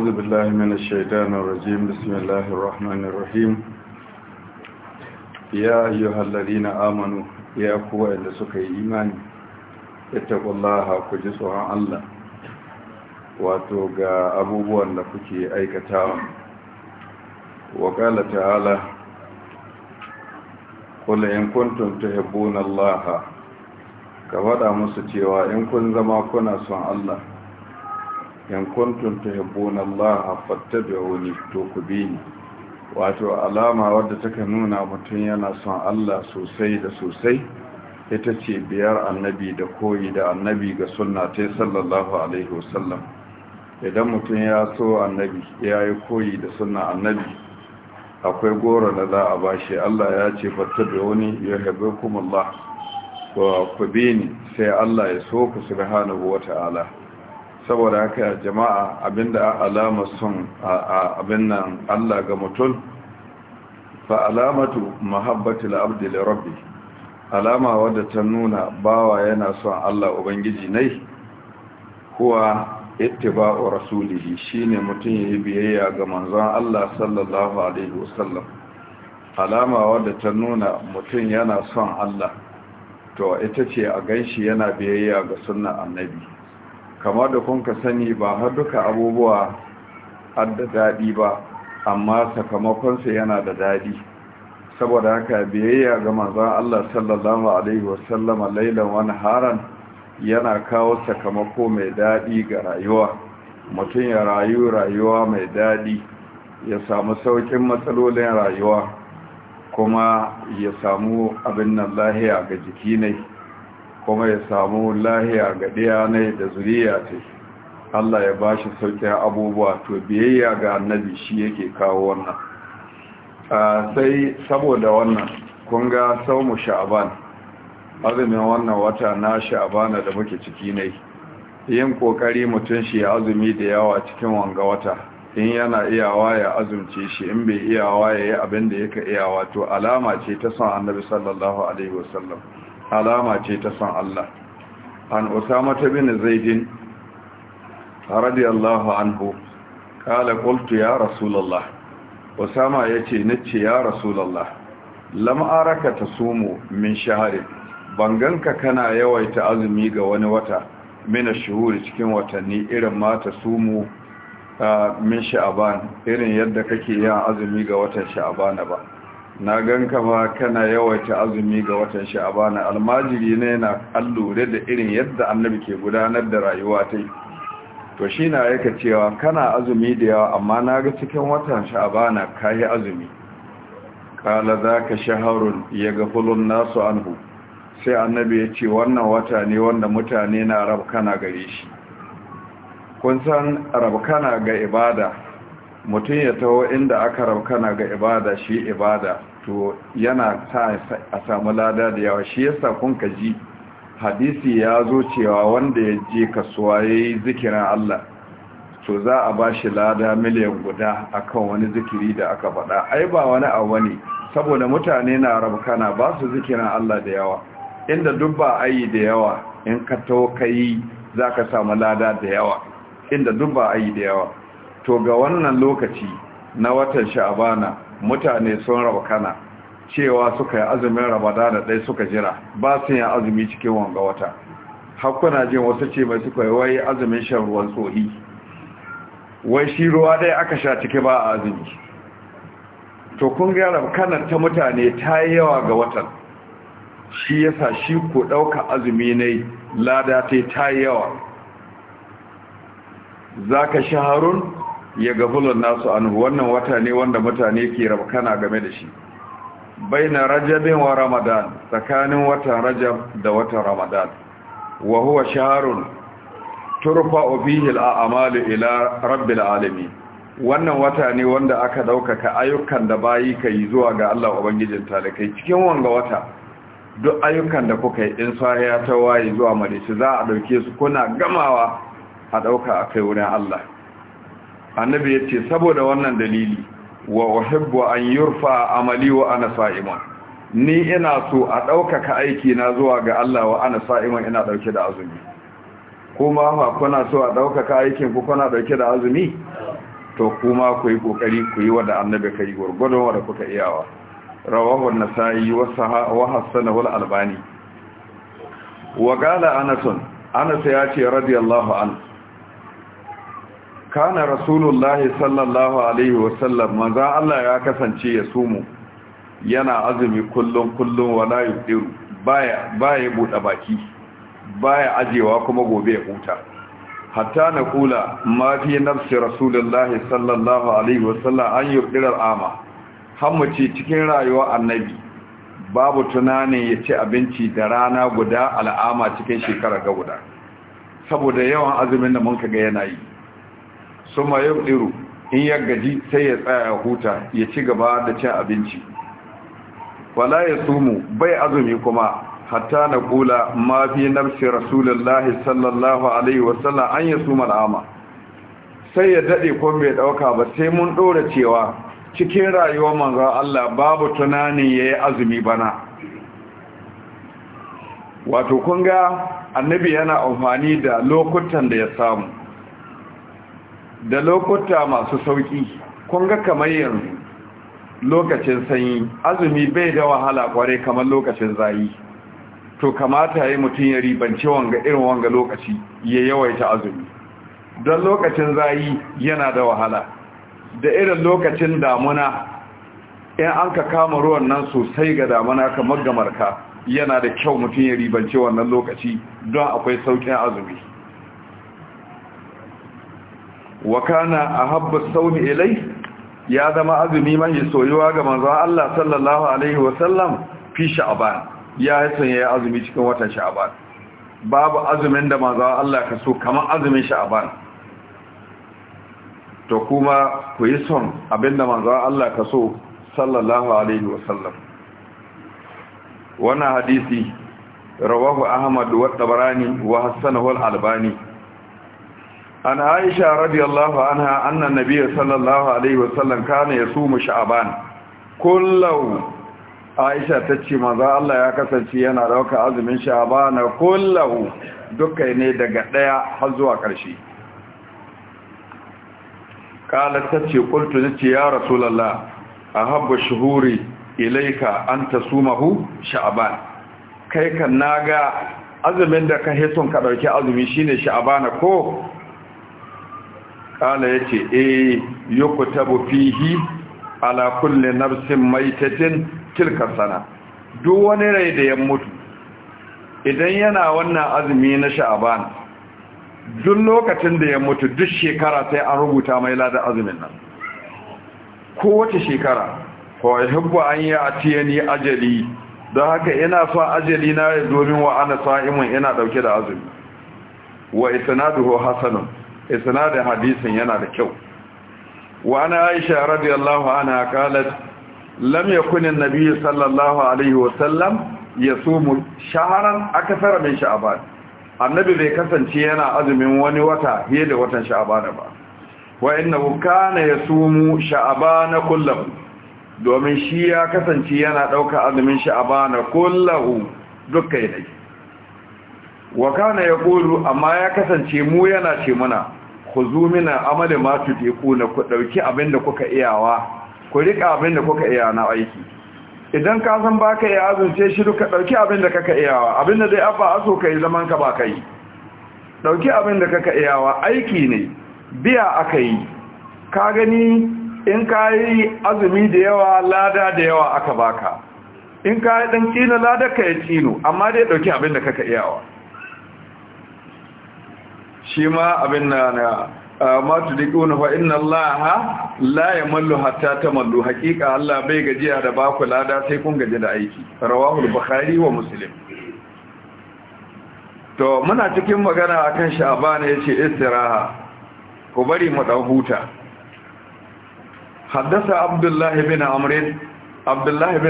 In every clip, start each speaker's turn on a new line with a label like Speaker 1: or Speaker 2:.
Speaker 1: أعوذ بالله من الشيطان الرجيم بسم الله الرحمن الرحيم يا أيها الذين آمنوا يا أخوة لسكي إيمان اتقوا الله كجسوا الله واتوقع أبوه أن لكي أي كتاب وقال تعالى قل إن كنتم تحبون الله ka مستيوى إن كنتم كنا سوى الله in kuntum tuhibbuna Allah fattabi'uni to ku bi ni wato alama wadda take nuna mutum yana son Allah sosai da sosai ita ce biyar annabi da koyi da annabi ga sunna ta sallallahu alaihi wasallam idan mutum ya so annabi ya yi koyi da sunna annabi akwai goro na za a bashi Allah ya ce fattabi'uni yuhibbukumullah wa ku bi ni sai Allah ya so ku subhanahu wata'ala saboda haka jama'a abinda alama son abin nan Allah ga mutum fa alamatu al abdi li rabbi alama wadda ta nuna bawa yana son Allah ubangiji ne kuwa ittiba'u rasulihi shine mutum yayi biyayya ga manzon Allah sallallahu alaihi wasallam alama wadda ta nuna mutum yana son Allah to ita ce a ganshi yana biyayya ga sunnar annabi kamar da kun ka sani ba har duka abubuwa har da daɗi ba amma sakamakonsa yana da daɗi saboda haka biyayya ga manzon Allah sallallahu alaihi wasallama lailan wani haran yana kawo sakamako mai daɗi ga rayuwa mutum ya rayu rayuwa mai daɗi ya samu saukin matsalolin rayuwa kuma ya samu abin nan lahiya ga jiki ne kuma ya samu lahiya ga ɗaya da zuriya ce Allah ya bashi sauƙin abubuwa to biyayya ga annabi shi yake kawo wannan sai saboda wannan kun ga saumu sha'aban azumin wannan wata na sha'abana da muke ciki ne yin kokari mutum shi azumi da yawa cikin wanga wata in yana iyawa ya azumce shi in bai iyawa ya yi abin da yake iyawa to alama ce ta son annabi sallallahu alaihi wasallam alama ce ta san Allah an usama ta bin zaidin radiyallahu anhu kala qultu ya rasulullah usama yace nace ya rasulullah lam araka tasumu min ban banganka kana yawaita azumi ga wani wata min shuhuri cikin watanni irin ma tasumu ah, min sha'ban irin yadda kake yin azumi ga watan sha'ban ba na gan kama kana yawaita azumi ga watan sha'abana almajiri ne na allure da irin yadda annabi ke gudanar da rayuwa ta yi. to shi na yaka cewa kana azumi da yawa amma na ga cikin watan sha'abana ka yi azumi kala za ka shaharun ya ga fulun nasu anhu sai annabi ya ce wannan wata ne wanda mutane na rabkana gare shi kun san rabkana ga ibada mutum ya taho inda aka raukana ga ibada shi ibada to yana ta a samu lada da yawa shi yasa kun ka ji hadisi ya zo cewa wanda ya je kasuwa ya yi zikirin Allah to za a ba shi lada miliyan guda akan wani zikiri da aka faɗa ai ba wani abu ne saboda mutane na rabkana ba su zikirin Allah da yawa inda duk ba ayi da yawa in ka ka kai za ka samu lada da yawa inda duk ba ayi da yawa to ga wannan lokaci na watan sha'abana mutane sun rabakana cewa suka yi azumin rabada da ɗai suka jira ba sun yi azumi cikin wanga wata hakuna jin wasu ce mai suka yi wai azumin shan ruwan tsohi wai shi ruwa ɗai aka sha ciki ba a azumi to kun ga rabakanar ta mutane ta yi yawa ga watan shi ya sa shi ko ɗauka azumi ne lada ta yi yawa za ka shaharun ya gafulun nasu anhu wannan wata ne wanda mutane ke rabkana game da shi baina rajabin wa ramadan tsakanin watan rajab da watan ramadan wa huwa shaharun turfa'u fihi al'amalu ila rabbil alamin wannan wata ne wanda aka daukaka ayyukan da bayi kai zuwa ga Allah ubangijin talakai cikin wanga wata duk ayyukan da kuka yi in sahiya ta waye zuwa madaci za a ɗauke su kuna gamawa a ɗauka dauka kai wurin Allah annabi yace saboda wannan dalili wa uhibbu an yurfa amali wa ana sa'iman ni ina so a ɗaukaka aiki na zuwa ga Allah wa ana sa'iman ina ɗauke da azumi kuma ma kuna so a ɗaukaka aikin ku kuna ɗauke da azumi to kuma ku yi ƙoƙari ku yi wa da annabi kai gwargwadon wa da kuka iyawa rawahu an-nasa'i wa hasanahu al-albani wa qala anas anas ya ce radiyallahu anhu kana rasulullahi sallallahu alaihi wasallam maza Allah ya kasance ya sumu yana azumi kullum kullum wala yudiru baya baya buɗa baki baya ajewa kuma gobe ya huta hatta na kula ma fi nafsi rasulullahi sallallahu alaihi wasallam an yudirar ama hammace cikin rayuwar annabi babu tunanin ya ci abinci da rana guda al'ama cikin shekara ga guda saboda yawan azumin da mun ga yana yi suma yau ɗiru in ya gaji sai ya tsaya huta ya ci gaba da cin abinci wala ya sumu bai azumi kuma hatta na kula ma fi nafsi rasulullahi sallallahu alaihi wasallam an ya suma al'ama sai ya daɗe ko bai ɗauka ba sai mun ɗora cewa cikin rayuwar manzo Allah babu tunanin ya yi azumi bana wato kun ga annabi yana amfani da lokutan da ya samu da lokuta masu sauki kun ga kamar yanzu lokacin sanyi azumi bai da wahala kwarai kamar lokacin zayi to kamata yi mutum ya ribance wanga irin wanga lokaci ya yawaita azumi don lokacin zayi yana da wahala da irin lokacin damuna in an ka kama ruwan nan sosai ga damuna kamar gamarka yana da kyau mutum ya ribance wannan lokaci don akwai sauƙin azumi wa kana ahabba sawmi ilay ya zama azumi mai soyuwa ga manzon Allah sallallahu alaihi wa sallam fi sha'ban ya sanya azumi cikin watan sha'ban babu azumin da manzon Allah ka so kamar azumin sha'ban to kuma ku yi son abinda manzon Allah ka so sallallahu alaihi wa sallam wannan hadisi rawahu ahmad wa tabarani wa hasanahu al-albani an aisha radiyallahu anha anna nabiyyi sallallahu alaihi wasallam kana yasumu sha'ban kullu aisha tace maza Allah ya kasance yana dauka azumin sha'ban kullu duka ne daga daya har zuwa karshe kala tace qultu nace ya rasulullah ahabbu shuhuri ilayka an tasumahu sha'ban kai kan naga azumin da ka heson ka dauki azumi shine sha'ban ko kala ya ce e eh, yi ku tabu fihi ala kulle nafsin maitatin tilkar sana duk wani rai da ya mutu idan yana wannan azumi na sha'aban duk lokacin da ya mutu duk shekara sai an rubuta mai lada azumin nan kowace shekara kawai hibba an yi a tiyani ajali don haka ina son ajali na domin wa ana sa'imun ina dauke da azumi wa isnaduhu hasanun isnadin hadisin yana da kyau wa ana aisha radiyallahu anha qalat lam yakun an-nabiy sallallahu alaihi wa sallam yasumu shahran akthara min sha'ban annabi bai kasance yana azumin wani wata fiye da watan sha'ban ba wa innahu kana yasumu sha'ban kullahu domin shi ya kasance yana ɗauka azumin sha'abana kullahu dukkan yanayi wa kana ya kulu amma ya kasance mu yana ce muna ku zumina amale ma na ku dauki da kuka iyawa ku rika da kuka iya na aiki idan ka san baka iya azunce shi duka dauki da kaka iyawa abin da dai abba aso kai zaman ka ba kai dauki da kaka iyawa aiki ne biya aka yi ka gani in ka yi azumi da yawa lada da yawa aka baka in ka yi dan tsino lada ka yi tsino amma dai dauki da kaka iyawa shi ma abin na ma tudikuna fa inna allaha la yamallu hatta tamallu haqiqa allah bai gajiya da baku lada sai kun gaji da aiki rawahu al-bukhari wa muslim to muna cikin magana akan sha'ban yace istiraha ku bari mu dan huta haddasa Abdullahi bin amr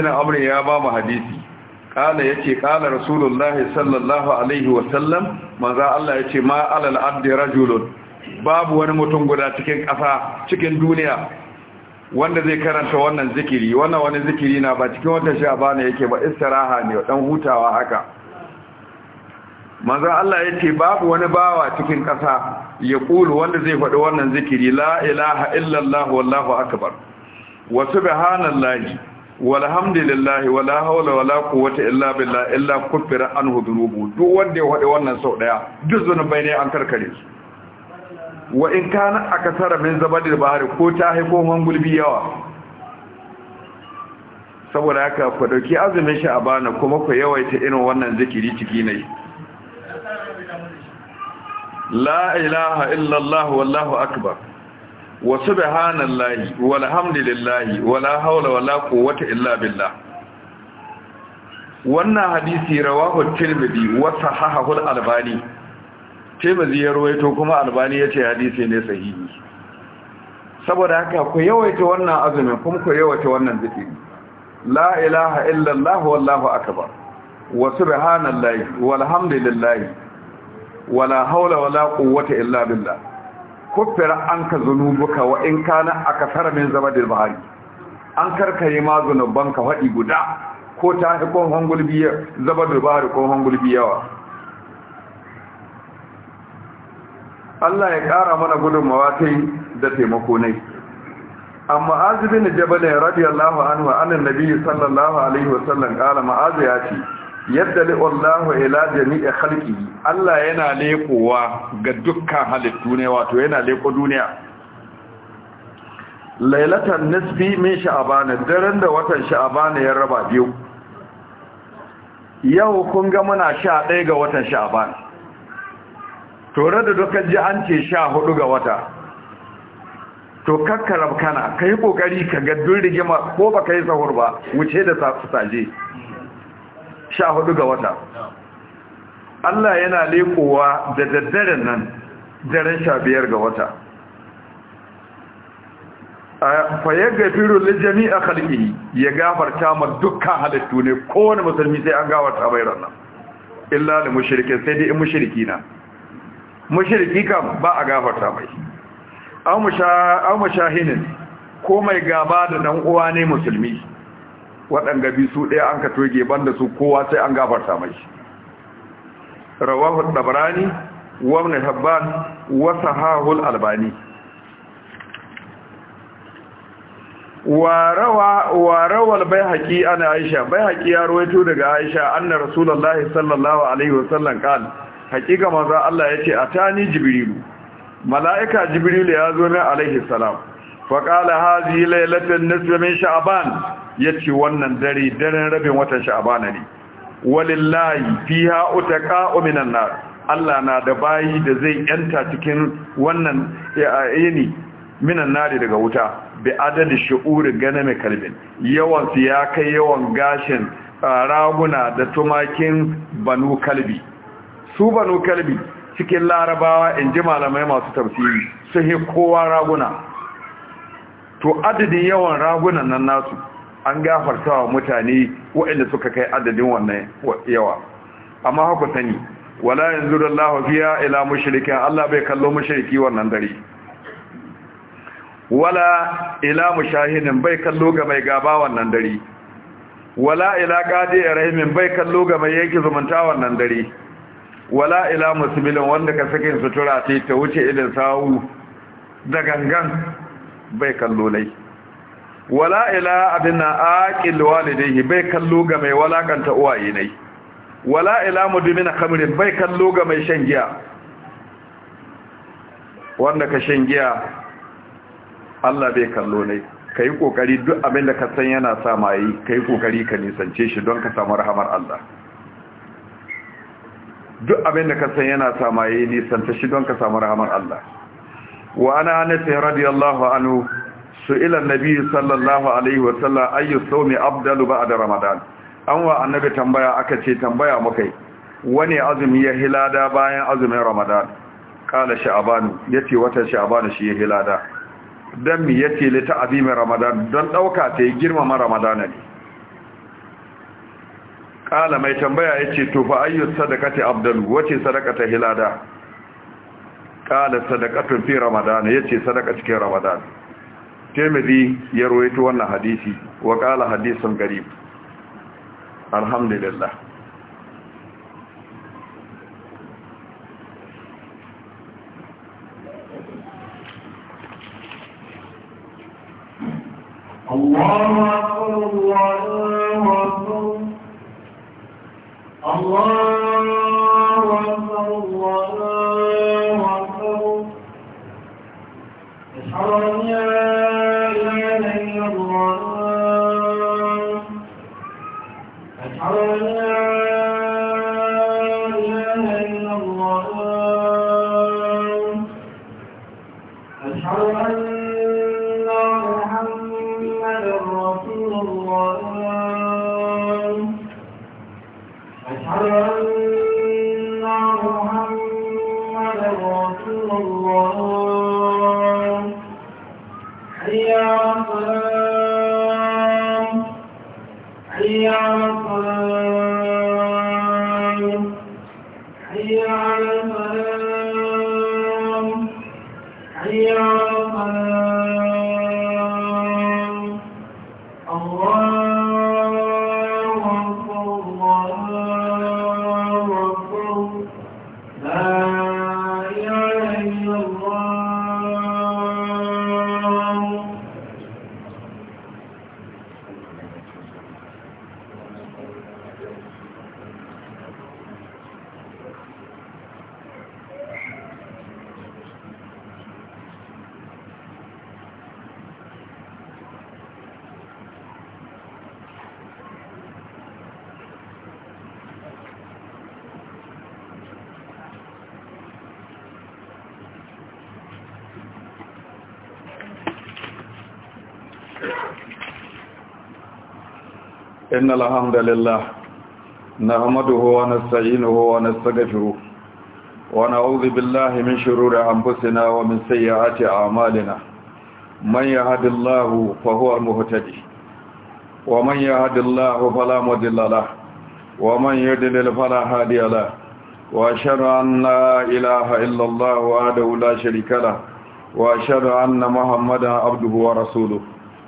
Speaker 1: amr ya ba mu hadisi kala yace kala rasulullahi sallallahu alaihi wasallam maza Allah yace ma alal abdi rajulun babu wani mutum guda cikin ƙasa cikin duniya wanda zai karanta wannan zikiri wannan wani zikiri na ba cikin wata shabana yake ba istiraha ne dan hutawa haka manzo Allah yace babu wani bawa cikin ƙasa ya kulu wanda zai faɗi wannan zikiri la ilaha illallah wallahu akbar wa subhanallahi walhamdulillahi wala haula wala quwwata illa billah illa kufira an hudurubu duk wanda ya wade wannan sau daya duk zuna ne an karkare su wa in kana akasara min zabadil bahari ko ta haiko mangulbi yawa saboda haka ku dauki azumin shi a bana, kuma ku yawaita irin wannan zikiri ciki ne la ilaha illallah wallahu akbar wa subhanallahi walhamdulillahi wala haula wala quwwata illa billah wannan hadisi rawahu tirmidhi wa sahahahu al-albani tirmidhi ya rawaito kuma albani yace hadisi ne sahihi saboda haka ku yawaita wannan azumin kuma ku yawaita wannan zikiri la ilaha illallah wallahu akbar wa subhanallahi walhamdulillahi wala haula wala quwwata illa billah kuffira an ka zunubuka wa in kana akasar min zabadil bahari an yi ma zunuban banka haɗi guda ko ta fi ko hangulbiya zabadil bahari ko wa Allah ya ƙara mana gudunmawa ta yi da taimako nai amma azibin jabal radiyallahu anhu anan nabi sallallahu alaihi wasallam kala ma'azu ya ce yadda li'allahu ila jami'i khalqi Allah yana lekowa ga dukkan halittu ne wato yana leko duniya lailatan nisfi min sha'ban daren da watan sha'ban ya raba biyu yau kun ga muna ɗaya ga watan sha'ban tore da dukkan ji an ce 14 ga wata to kakkarab kana kai kokari ka ga dun rigima ko baka yi sahur ba wuce da saje sha hudu ga wata Allah yana lekowa da daddaren nan daren sha biyar ga wata faye gafiru lijami a halƙi ya gafarta ma dukkan halittu ne kowane musulmi sai an gafarta bai ranar illa da mushirikin sai dai in mushiriki na mushiriki kam ba a gafarta mai an mushahinin ko mai gaba da ɗan uwa ne musulmi waɗanda bi su ɗaya an ka toge banda su kowa sai an gafarta mai rawahu dabrani wa ibn habban wa sahahul albani warawa bai baihaqi ana aisha baihaqi ya rawaito daga aisha anna rasulullahi sallallahu alaihi wasallam qala haqiqa maza Allah yace atani jibrilu malaika jibrilu ya zo na alaihi salam fa qala hadhihi laylatan nisfu min sha'ban yace wannan dare daren rabin watan sha'abana ne walillahi fiha utaqa'u minan nar Allah na da bayi da zai yanta cikin wannan eh, eh, yini minan nar daga wuta bi adadi shu'uri ganame kalbin yawan su ya kai yawan gashin eh, raguna da tumakin banu kalbi su banu kalbi cikin larabawa in ji malamai masu tafsiri sun yi kowa raguna to adadin yawan ragunan nan nasu an gafarta wa mutane waɗanda suka kai adadin wannan yawa amma haka sani wala yanzu da Allah fiya ila mushrikin Allah bai kallo mushriki wannan dare wala ila mushahinin bai kallo ga mai gaba wannan dare wala ila qadi rahimin bai kallo ga mai yake zumunta wannan dare wala ila musbilin wanda ka sakin sutura ta wuce idan sawu da gangan bai kallo lai wala ila abinna aqil walidayhi bai kallo ga mai walakanta uwaye ne wala ila mudmin khamrin bai kallo ga mai shan giya wanda ka shan giya Allah bai kallo ne kai kokari duk abin da ka san yana sa mai kai kokari ka nisance shi don ka samu rahamar Allah duk abin da ka san yana sa mai nisance shi don ka samu rahamar Allah wa ana anas radiyallahu anhu su ila nabi sallallahu alaihi wasallam ayu sawmi afdalu ba'da ramadan an wa annabi tambaya aka ce tambaya mukai wani azumi ya hilada bayan azumin ramadan kala sha'ban yace watan sha'ban shi ya hilada dan mi yace li ta'zimi ramadan dan dauka ta yi girma ma ramadan ne kala mai tambaya yace to fa ayu sadaqati afdalu wace sadaqa ta hilada kala sadaqatu fi ramadan yace sadaqa cikin ramadan taimidi ya rawaito wannan hadisi wa ƙala hadisun garib alhamdulillah
Speaker 2: Allah أشهد أن محمدا رسول الله
Speaker 1: أشهد أن إن الحمد لله نحمده ونستعينه ونستغفره ونعوذ بالله من شرور أنفسنا ومن سيئات أعمالنا من يهد الله فهو المهتدي ومن يهد الله فلا مضل له ومن يضلل فلا هادي له وأشهد أن لا إله إلا الله وحده لا شريك له وأشهد أن محمدا عبده ورسوله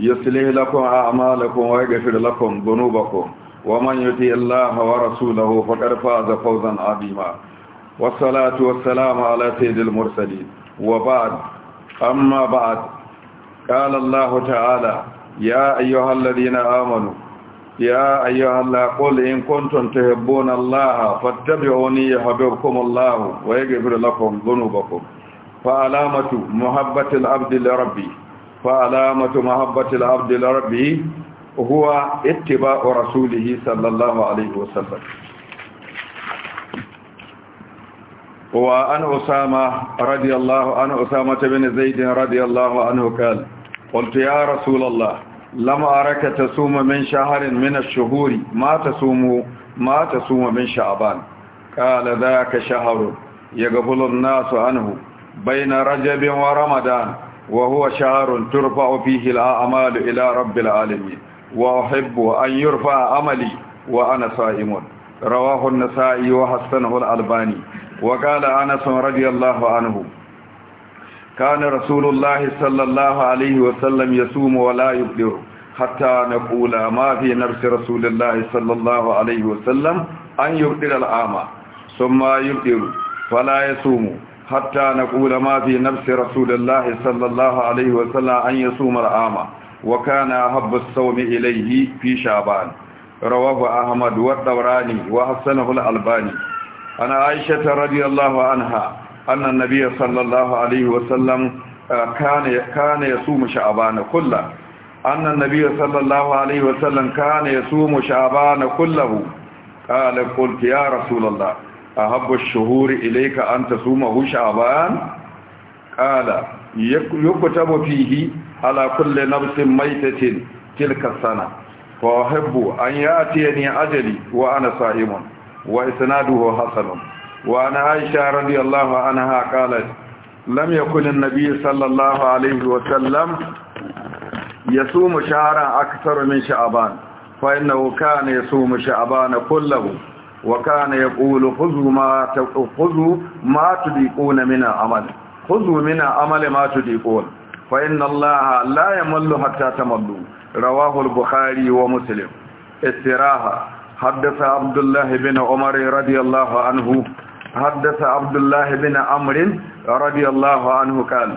Speaker 1: yaslih lakum a'malakum wa yaghfir lakum dhunubakum wa man yuti illaha wa rasulahu faqad faza fawzan 'azima wassalatu wassalamu ala sayyidil mursalin wa ba'd amma ba'd qala allah ta'ala ya ayyuhalladhina amanu ya ayyuhalla qul in kuntum tuhibbuna allaha fattabi'uni yuhibbukum allah wa yaghfir lakum dhunubakum fa alamatu muhabbati al-'abdi li rabbihi فعلامة محبة العبد لربه هو اتباع رسوله صلى الله عليه وسلم وعن أسامة رضي الله عنه أسامة بن زيد رضي الله عنه قال قلت يا رسول الله لم أرك تصوم من شهر من الشهور ما تصوم ما تصوم من شعبان قال ذاك شهر يقبل الناس عنه بين رجب ورمضان وهو شهر ترفع فيه الأعمال إلى رب العالمين وأحب أن يرفع عملي وأنا صائم رواه النسائي وحسنه الألباني وقال أنس رضي الله عنه كان رسول الله صلى الله عليه وسلم يصوم ولا يبدر حتى نقول ما في نفس رسول الله صلى الله عليه وسلم أن يبدر الأعمى ثم يبدر فلا يصوم hatta na kula ma fi nafsi rasulullahi sallallahu alaihi wa wasallam an yi sumar ama wa kana habba saumi ilaihi fi shaban rawahu ahmad wa dawrani wa hasanahu al-albani ana aisha radiyallahu anha anna an-nabiy sallallahu alaihi wasallam kana kana yasumu sha'ban kullahu أن النبي صلى sallallahu alaihi wa كان يصوم شعبان كله قال قلت يا رسول الله ahabbu ash-shuhuri ilayka an tasumahu sha'ban qala yuktabu fihi ala kulli nafsin maytatin tilka sana wa uhibbu an ya'tiyani ajali wa ana sa'imun wa isnaduhu hasanun wa ana aisha radiyallahu anha qalat lam yakun an-nabiy sallallahu alayhi wa sallam yasumu shahran akthar min sha'ban fa innahu kana yasumu sha'bana kullahu وكان يقول خذوا ما خذوا ما تضيقون من العمل خذوا من العمل ما تضيقون فإن الله لا يمل حتى تملوا رواه البخاري ومسلم استراحة حدث عبد الله بن عمر رضي الله عنه حدث عبد الله بن عمر رضي الله عنه قال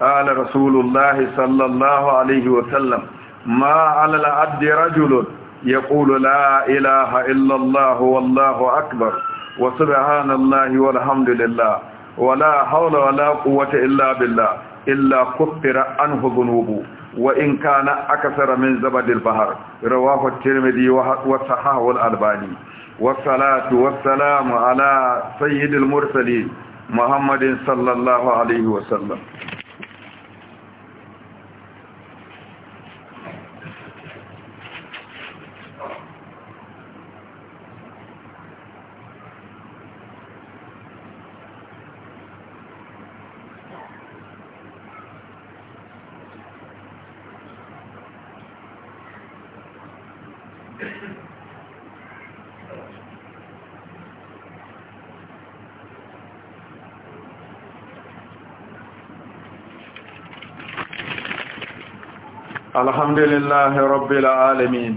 Speaker 1: قال رسول الله صلى الله عليه وسلم ما على العبد رجل يقول لا إله إلا الله والله أكبر وسبحان الله والحمد لله ولا حول ولا قوة إلا بالله إلا كفر عنه ذنوبه وإن كان أكثر من زبد البحر رواه الترمذي وصححه الألباني والصلاة والسلام على سيد المرسلين محمد صلى الله عليه وسلم الحمد لله رب العالمين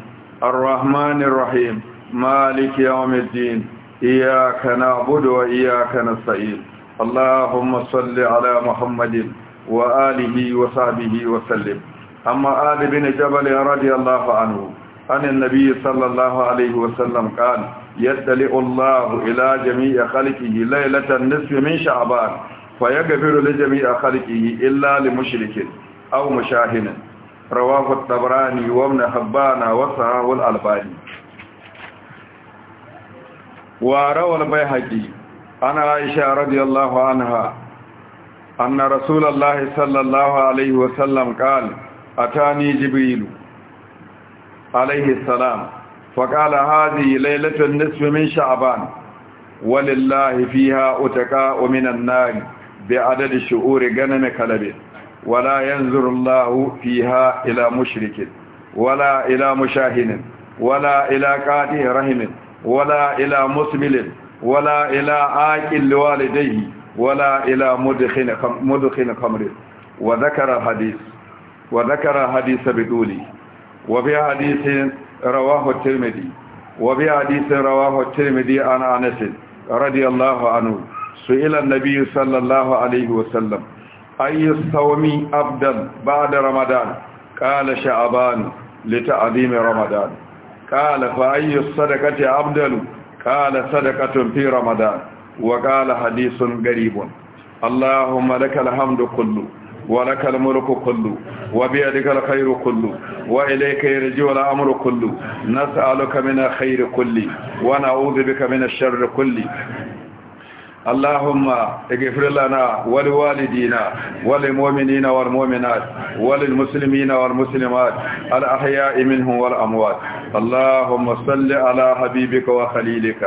Speaker 1: الرحمن الرحيم مالك يوم الدين إياك نعبد وإياك نستعين اللهم صل على محمد وآله وصحبه وسلم أما آل بن جبل رضي الله عنه عن النبي صلى الله عليه وسلم قال يدلئ الله إلى جميع خلقه ليلة النصف من شعبان فيغفر لجميع خلقه إلا لمشرك أو مشاهن رواه الطبراني وابن حبان وصححه الألباني وروى البيهقي عن عائشة رضي الله عنها أن رسول الله صلى الله عليه وسلم قال أتاني جبريل عليه السلام فقال هذه ليلة النصف من شعبان ولله فيها أتقاء من النار بعدد شعور جنم كلبه ولا ينظر الله فيها إلى مشرك ولا إلى مشاهن ولا إلى قاطع رحم ولا إلى مسمل ولا إلى آكل لوالديه ولا إلى مدخن مدخن خمر وذكر الحديث وذكر حديث بدولي وفي حديث رواه الترمذي وفي حديث رواه الترمذي عن أنس رضي الله عنه سئل النبي صلى الله عليه وسلم ayyastawami abdan ba'da ramadan qala sha'ban li ta'zim ramadan qala fa Abdal, kala qala sadaqatun fi ramadan Wakala qala hadithun Allahu allahumma lakal hamdu kullu wa lakal mulku kullu wa bi yadika alkhayru kullu wa ilayka yarji wal amru kullu nas'aluka min alkhayri kulli wa na'udhu bika min alsharri kulli اللهم اغفر لنا ولوالدينا وللمؤمنين والمؤمنات وللمسلمين والمسلمات الأحياء منهم والأموات اللهم صل على حبيبك وخليلك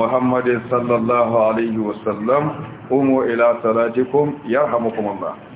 Speaker 1: محمد صلى الله عليه وسلم قوموا إلى صلاتكم يرحمكم الله